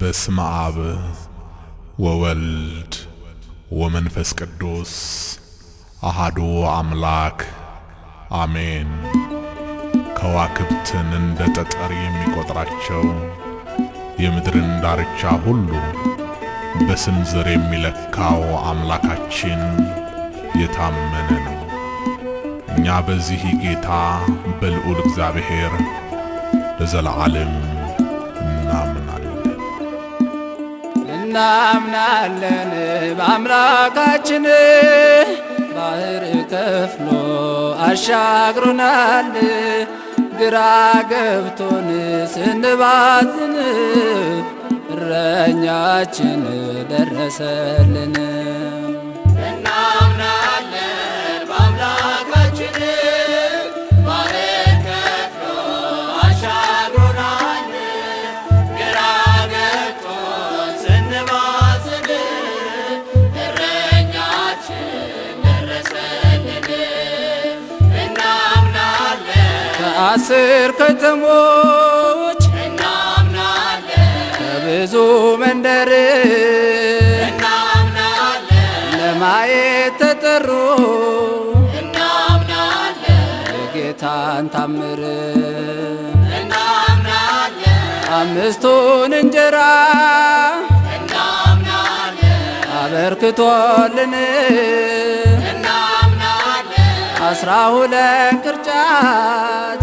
በስመ አብ ወወልድ ወመንፈስ ቅዱስ አሃዱ አምላክ አሜን። ከዋክብትን እንደ ጠጠር የሚቆጥራቸው የምድርን ዳርቻ ሁሉ በስንዝር የሚለካው አምላካችን የታመነ ነው። እኛ በዚህ ጌታ በልዑል እግዚአብሔር ለዘለዓለም እናምናለን በአምላካችን ባህር ከፍሎ አሻግሮናል። ግራ ገብቶን ስንባዝን እረኛችን ደረሰልን። አስር ከተሞች እናምናለን ከብዙ መንደር እናምናለን ለማየት ተጠሩ እናምናለን የጌታን ታምር እናምናለን አምስቱን እንጀራ አበርክቶልን አስራ ሁለት ቅርጫት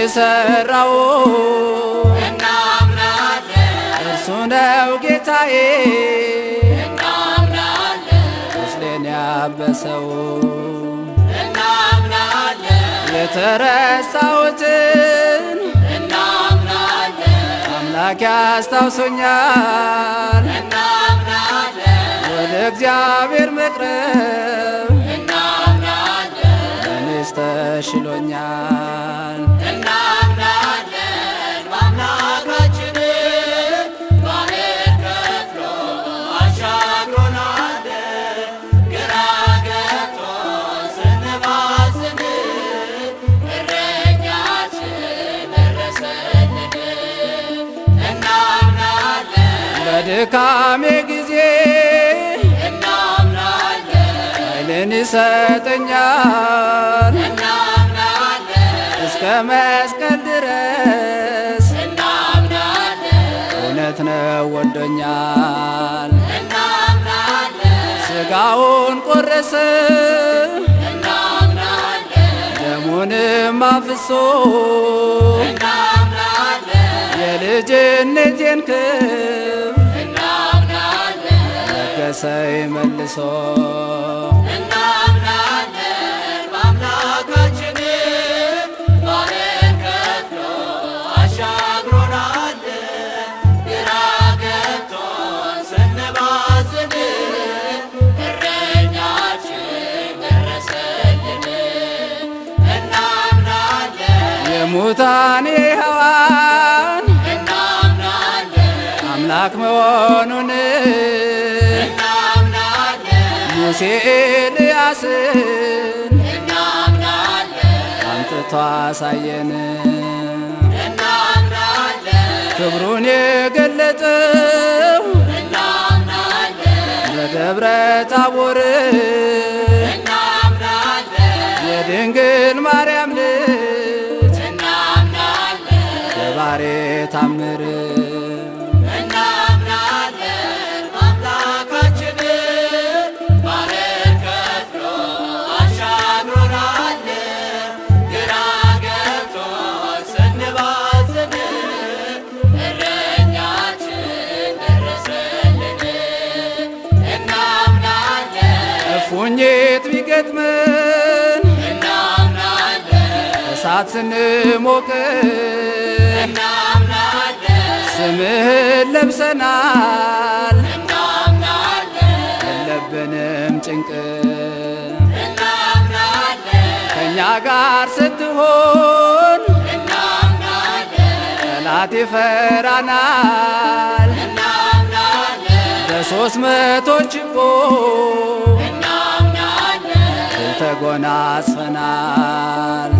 የሰራው እርሱ ነው ጌታዬ ቁስሌን ያበሰው የተረሳሁትን አምላክ ያስታውሶኛል ወደ እግዚአብሔር መቅረብ እኔስ ተሽሎኛል። በድካሜ ጊዜ እናምናለን ኃይልን ይሰጠኛል እስከ መስቀል ድረስ እናምናለን እውነት ነው ወዶኛል ስጋውን ቆረሰ እናምናለን ደሙንም አፍሶ የልጅነቴን ክብር ሲያነሳይ መልሶ እናምናለን በአምላካችን ባሕርን ከፍሎ አሻግሮናል። ግራ ሕያዋን እናምናለን አምላክ መሆኑን ቅዱስ ኤልያስን እናምናለን አምጥቶ አሳየን እናምናለን ክብሩን የገለጠው እናምናለን በደብረ ታቦር እናምናለን የድንግል ማርያም ልጅ እናምናለን በባሬታ ፉኝት ቢገጥመን እናምናለን፣ እሳት ስንሞክር እናምናለን፣ ስምህን ለብሰናል እናምናለን፣ የለብንም ጭንቅ እናምናለን፣ ከእኛ ጋር ስትሆን እናምናለን፣ ጠላት ይፈራናል እናምናለን፣ በሶስት መቶ ችቦ ተጎናጽፈናል።